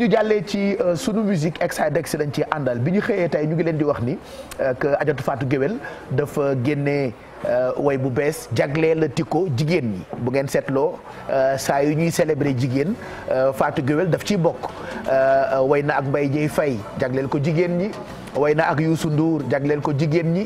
bu ñu jàllee ci euh, sunu musique exide dex lañ ci àndal bi ñu xëyee tey ñu ngi leen di wax ni euh, que Adjatu Fatou Guewel dafa génnee euh, way bu bees jagleel ko jigéen ñi bu ngeen seetloo saa yu ñuy célébrer jigéen Fatou Guewel daf ciy bokk way na ak mbay Dieye fay jagleel ko jigéen ñi way na ak Youssou Ndour jagleel ko jigéen ñi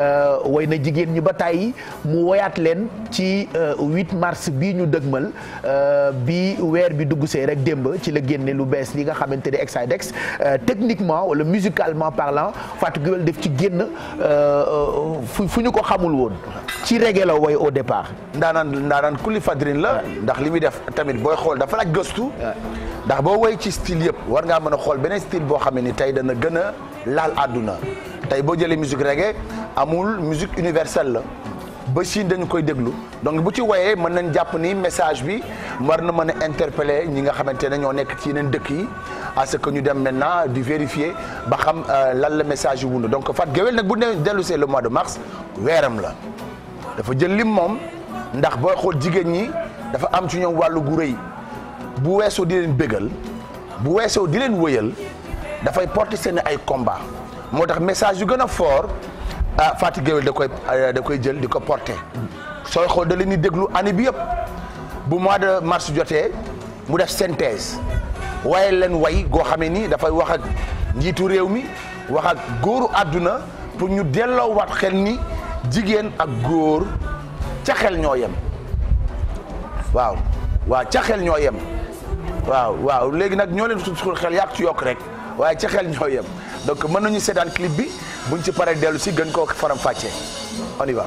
euh, way na jigéen ñi ba tàyyi mu woyaat leen ci 8 euh, mars bii ñu dëgmal euh, bi weer bi dugg see rek démb ci la génne lu bees li nga xamante ne Exidex techniquement wala musicalement parlant Fatou Guewel def ci génn fu fu ñu ko xamul woon ci reggae la way au départ. ndaanaan ndaanaan kulli fadrin la. ndax li muy def tamit booy xool dafa laaj gëstu. ndax boo woy ci style yëpp war ngaa mën a xool beneen style boo xam ne ni tey dana gën a laal àdduna tey boo jëlee musique reggae amul musique universelle la ba Chine dañu koy déglu donc bu ci woyee mën nañ jàpp ni message bi war na mën a interpeller ñi nga xamante ne ñoo nekk ci yeneen dëkk yi à ce que ñu dem naa di vérifier ba xam euh, lan la message yi wund donc Fat Guewel nag bu ne dellusee le mois de mars weeram la dafa jël lim moom ndax booy xool jigéen ñi dafa am ci ñoom wàllu gu rëy bu weesoo di leen bégal bu weesoo di leen wëyal dafay porter seen ay combat moo tax message yu gën a foor ah Fatick Gueye da koy ah, da koy jël di ko porter sooy xool da leen di déglu année bi yëpp bu mois de mars jotee mu def synthèse waaye leen way goo xamee nii dafay wax ak njiitu réew mi wax ak góoru àdduna pour ñu delloowaat xel ni jigéen ak góor ca xel ñoo yem waaw waaw ca xel ñoo yem waaw waaw léegi nag ñoo leen suul xel yàq ci yokk rek waaye ci xel ñoo yem donc mën nañu seetaan clip bi bu buñ ci paree dellu si gën koo faram fàccee on y va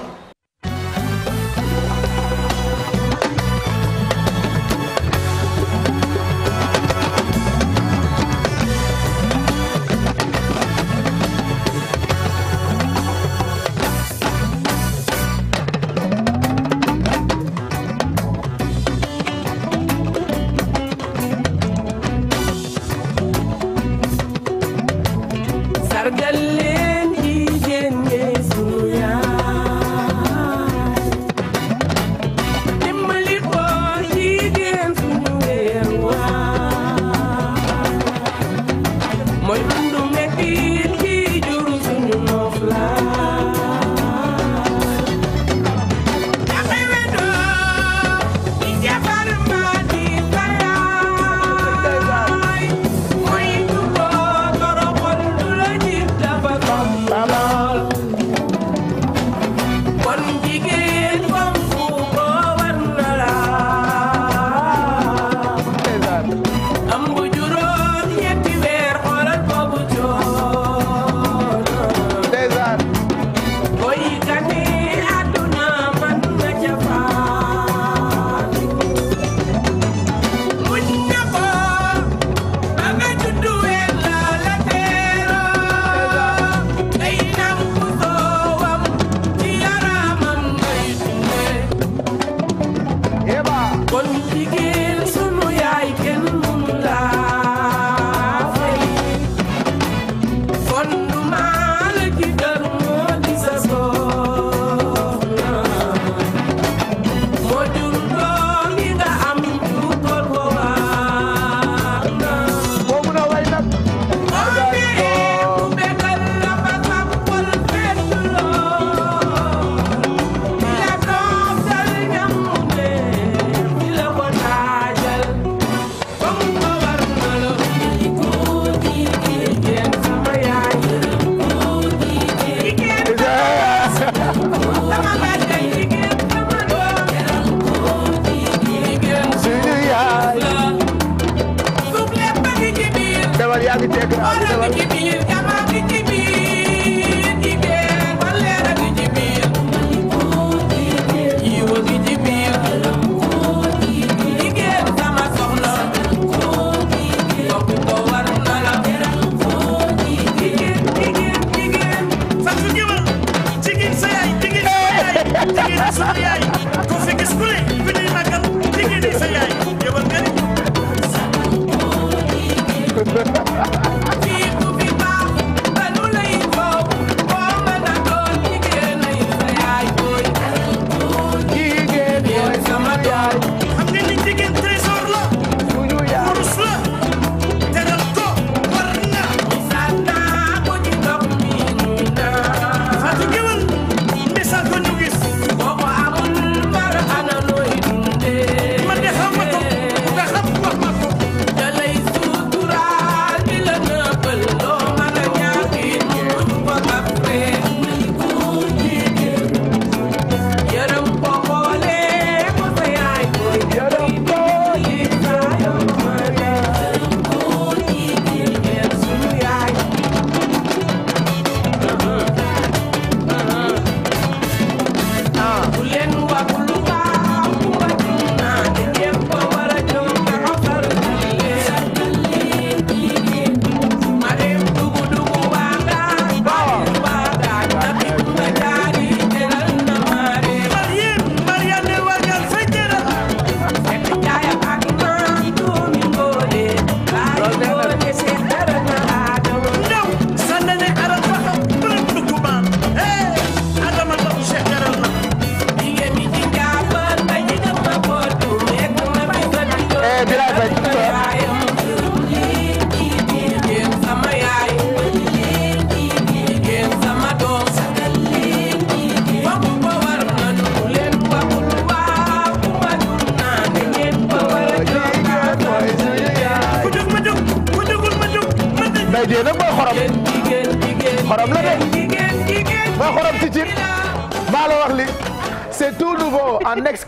Bilal Faye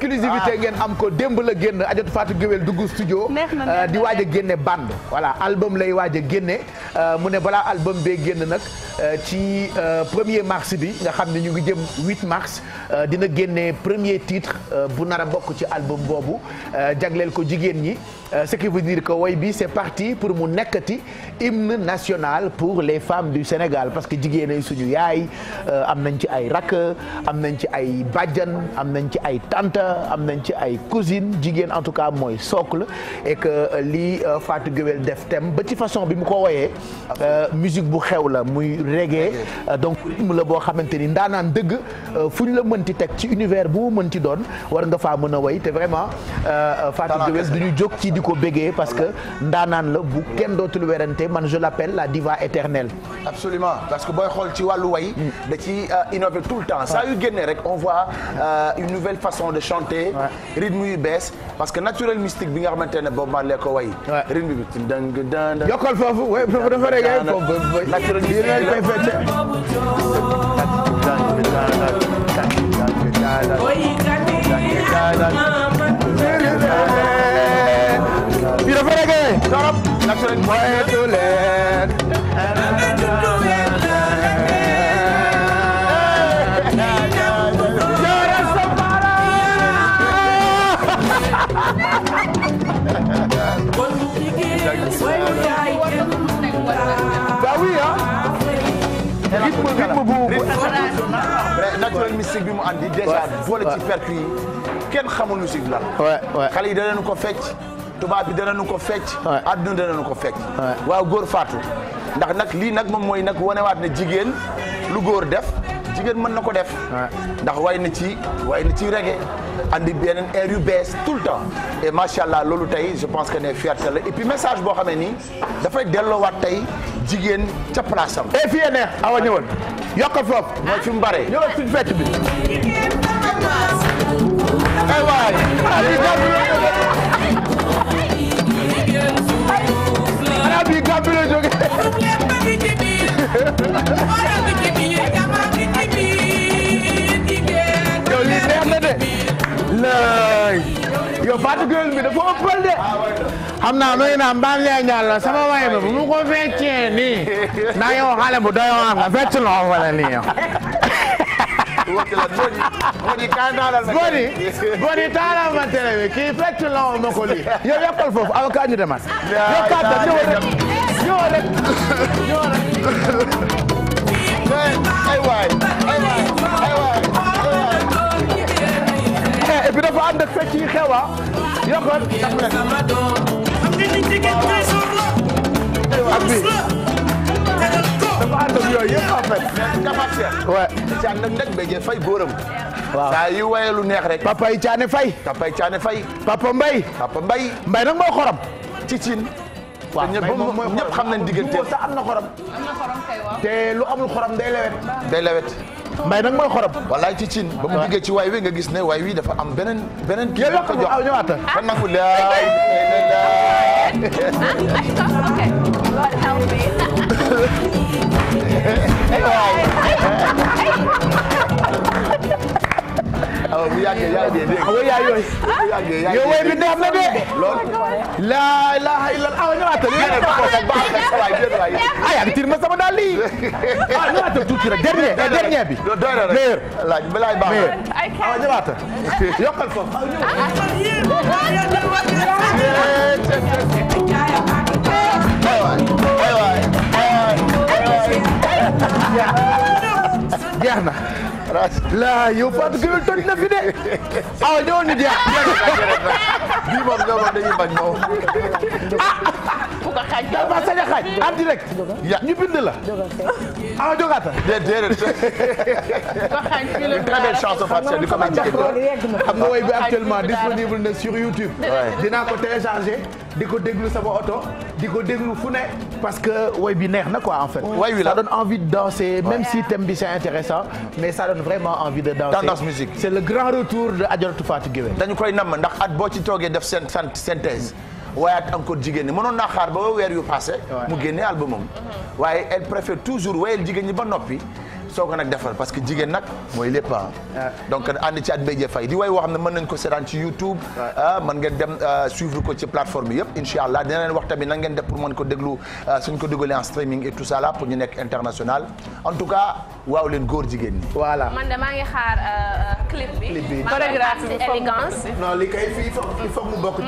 exclusivité ngeen am ko démb la génn Adjot Fatou Guewel dugg studio euh, di waaja génne bande voilà album lay waaj a génne euh, mu ne balaa album bee génn nag euh, ci premier mars bi nga xam ne ñu ngi jëm 8 mars dina génne premier titre bu nar a bokk ci album boobu jagleel ko jigéen ñi ce qui veut dire que woy bi c'est parti pour mu nekkati hymne national pour les femmes du Sénégal parce que jigéen ay suñu yaay euh, am nañ ci ay rakk am nañ ci ay bàjjan am nañ ci ay tante am nañ ci ay cousine jigéen en tout cas mooy socle et que euh, lii euh, Fatou Guewel def tem ba ci façon bi mu ko woyee musique bu xew la muy reggae donc rythme la boo xamante ni ndaanaan dëgg fu ñu la mënti teg ci univers bu mu mënti doon war nga faa mën a woy te vraiment Fatou Guewel du ñu jóg ci di ko bégee parce que ndaanaan la bu kenn dootul werante man je l'appelle la diva éternelle. absolument parce que booy xool ci wàllu way. Hmm. da ci euh, innover tout le temps. sa yu génnee rek on voit euh, une nouvelle façon de chanter. rythme yu bees parce que naturel mystique bi nga xamante ne Bob Marley ko way. rythme bi dang dang. yokkal foofu oui foofu dafa reggae foofu. naturel mystique la bi dafa reggae. moytu leen. rythme bu bu naturel mystique bi mu andi. déjà boole ci percu yi kenn xamul musique la. xale yi da leen ko fecc. tubaab bi danañu ko fecc adduna danañu ko fecc waaw góor faatu ndax nag lii nag moom mooy nag waat ne jigéen lu góor def jigéen mën na ko def ndax way na ci way na ci reggae andi beneen air yu bees tout le temps et macha allah loolu tey je pense que ne fierté la et message boo xamee ni dafay delloowaat tey jigéen ca place am et eh, fii neex awa ñëwoon yokka foofu mooy fi mu bare ñëwoon fett bi yow Fatou Gueye bi dafa ëppal de. xam naa nuyu naa mbaa Ndiaye Ndiallo sama waay ba bu mu ko feccee naa yow xale bu doy waar nga fecc loo nii yow. boni boni ma télé bi kii fecc loo ma ko lii yow yokkal foofu avocat ñu demaat. yow ñoo rek ñoo rek ay waay ay waay ay waay ay et eh, puis dafa ànd ak fecc yi xew ah. a yokkoon dafa ànd ak yooyu yëpp en fait caane nag ndeg béggee fay góoram waaw saa yu waye lu neex rek papay caane fay papay caane fay papa mbay papa mbay mbay nag mooy xorom ci cin waaw ñëpp xam nañ diggante te am na xorom. te lu amul xorom day lewet. day lewet. mbay nag mooy xorom. wallaay ci cin ba mu diggee ci waay wi nga gis ne waay wi dafa am beneen beneen. kii ko jox yow ñëwaat kon nag laay laay. awa bu yàggee yaa ngi dégg. awa yaa yooyu. bu yàggee yaa ngi dégg yow way bi neex na de. loolu. laa ilaha illa awa ñu waatal yéen a ko baax na waay déet waay. ah yaa ngi tiir ma sama daal lii. ah ñu waatal tuuti rek dernier dernier bi. doy na rek meilleur. laaj bi laaj baax na awa ñu waatal. yokkal foofu. aywaay aywaay aywaay. jeex na. la yow Fatou Gueye toj na fi de ah ñëwoon ñu jeex. bii moom loolu dañuy bañ moom. ah. xaaj en direct. ñu bind la. ah jogaata. déedéet. très belle chanson Fatou Seye di ko mën xam nga woy bi actuellement disponible na sur YouTube. dinaa ko télécharger di ko déglu sama oto di ko déglu fu ne. parce que woy bi neex na quoi en fait. woy bi la ça donne envie de danser même si thème bi c'est intéressant mais ça donne vraiment envie de danser. tendance musique c'est le grand retour de Adjaratou Fatou Guèye. dañu koy namm ndax at boo ci toogee def seen synthèse. waaye ak encore jigéen ñi mënoon naa xaar ba weer yu passé mu génne albumam uh-huh. waaye elle préfère toujours wayel jigéen ñi ba noppi soo ko nag defal parce que jigéen nag mooy lépp ah. donc ànd ci at Mbéjé Faye di way woo xam ne mën nañ ko seetaan ci YouTube ah, mën ngeen dem euh, suivre ko ci plateforme yëpp incha allah dina leen wax tamit nan ngeen def pour ko déglu euh, suñ ko dugalee en streaming et tout ça pour nekk international en tout cas waaw leen góor jigéen ñi voilà man de maa ngi xaar euh, clip bi bi élégance non li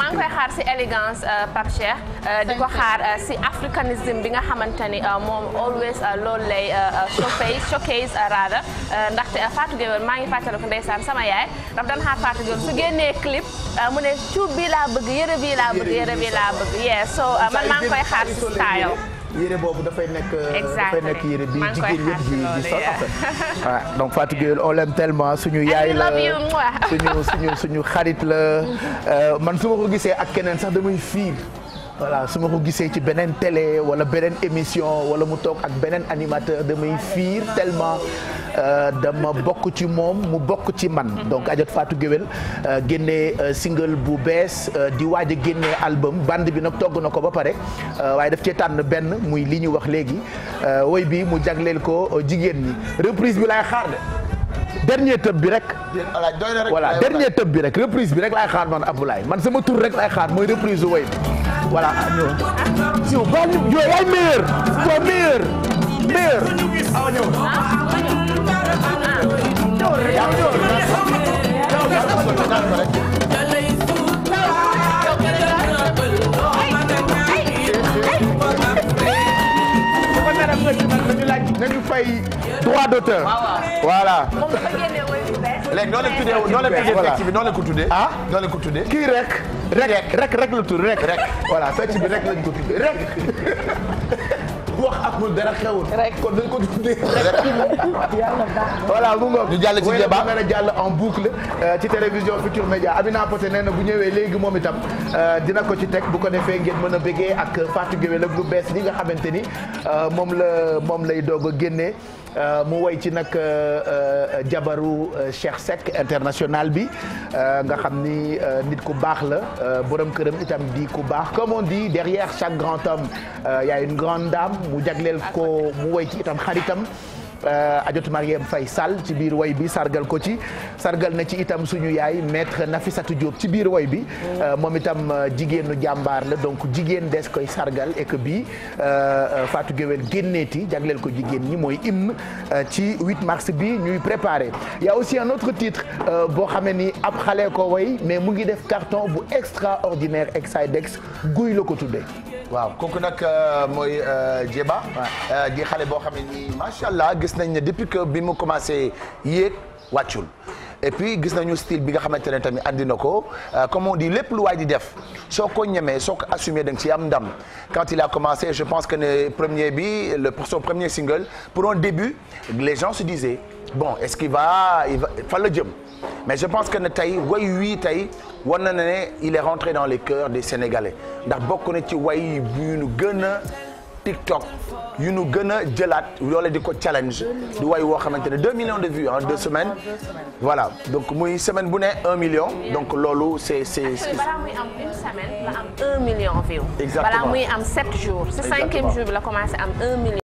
maa ngi xaar si élégance Pape Cheikh di ko xaar si africanisme bi nga xamante ni moom always loolu lay choqué choqué Chase euh, Rada euh, ndaxte euh, Fatou Gueye maa ngi fàttaliku ndeysaan sama yaay daf daan xaar Fatou Gueye su génnee clip mu ne cuub bii laa bëgg yëre bii laa bëgg yëre bii laa bëgg yeah so man maa ngi koy xaar si style yére boobu dafay nekk dafay nekk yére bi jigéen yëpp di di sol en fait waaw ah, donc Fatou Gueye on l'aime tellement suñu yaay la suñu suñu suñu xarit la man su ma ko gisee ak keneen sax damay fiir voilà su ma ko gisee ci beneen télé wala beneen émission wala mu toog ak beneen animateur damay fiir tellement euh, dama bokk ci moom mu bokk ci man mm-hmm. donc ajot Fatou géwél euh, génne euh, single bu bees di waaj a génnee album bande bi nag togg na ko ba pare waaye daf cee tànn benn muy li ñu wax léegi woy bi mu jagleel ko jigéen ñi reprise bi laay xaar de dernier tëb bi rek. voilà dernier tëb bi rek reprise bi rek laay xaar man Aboulaye man sama tur rek laay xaar mooy reprise woy voilà ñëwal. si yow baal yow yaay meer. waaw meer meer. waaw ñëwal. ñëwal rek ñëwal rek. nañu fay droit d'auteur. voilà. léegi noo leen tuddee noo leen tuddee noo leen ko tuddee. ah noo ko tuddee. kii rek. rek rek rek la tudd rek. rek voilà bi rek lañ ko tuddee rek. wax amul dara xewul. kon dañ ko tuddee rek. yàlla voilà mu ngoog. ñu jàll ci débat nga a jàll en boucle. Euh, ci télévision Futur Média Amina Poté nee na bu ñëwee léegi moom itam euh, dina ko ci teg bu ko defee ngeen mën a bëggee ak Fatou Gueye la bu bees li nga xamante ni euh, moom la moom lay doog a génnee. Euh, mu woy ci nag euh, euh, jabaru Cheikh Seck international bi nga xam ni nit ku baax la borom këram itam di ku baax comme on dit derrière chaque grand homme y a une grande dame mu jagleel ko mu woy ci itam xaritam Euh, ajot Mariam fay Sall ci biir woy bi sargal ko ci sargal na ci itam suñu yaay maître satu Diop ci biir woy bi euh, moom itam euh, jigéenu jàmbaar la donc jigéen des koy sargal et bi bii Fatou Guewel génneeti jagleel ko jigéen ñi mooy imm ci 8 mars bi ñuy préparé y a aussi un autre titre boo xamee ni ab xale ko woy mais mu ngi def carton bu extraordinaire Exidex guy la ko tuddee waaw kooku nag euh, mooy euh, Djeba. Euh, di xale boo xam ne nii macha allah gis nañ ne depuis que bi mu commencé yéeg wàccul. et puis gis nañu style bi nga xamante ne tamit andi na ko comme on dit lépp lu waay di def soo ko ñemee soo ko assumé da nga ci am ndam quand il a commencé je pense que ne premier bi le pour son premier single pour un début les gens se disaient bon est-ce qu'il va il va fa la jëm. mais je pense que ne tey way wii tey war na ne il est rentré dans les cœurs des Sénégalais ndax bokk na ci way yu nu gën a TikTok yu nu gën a jëlaat loola di ko challenge di way woo xamante ne 2 millions de vues en deux semaines voilà donc muy semaine bu ne 1 million donc loolu c'est c'est balaa muy am am 1 million vues exactement balaa am 7 cinquième jour bi am 1 million.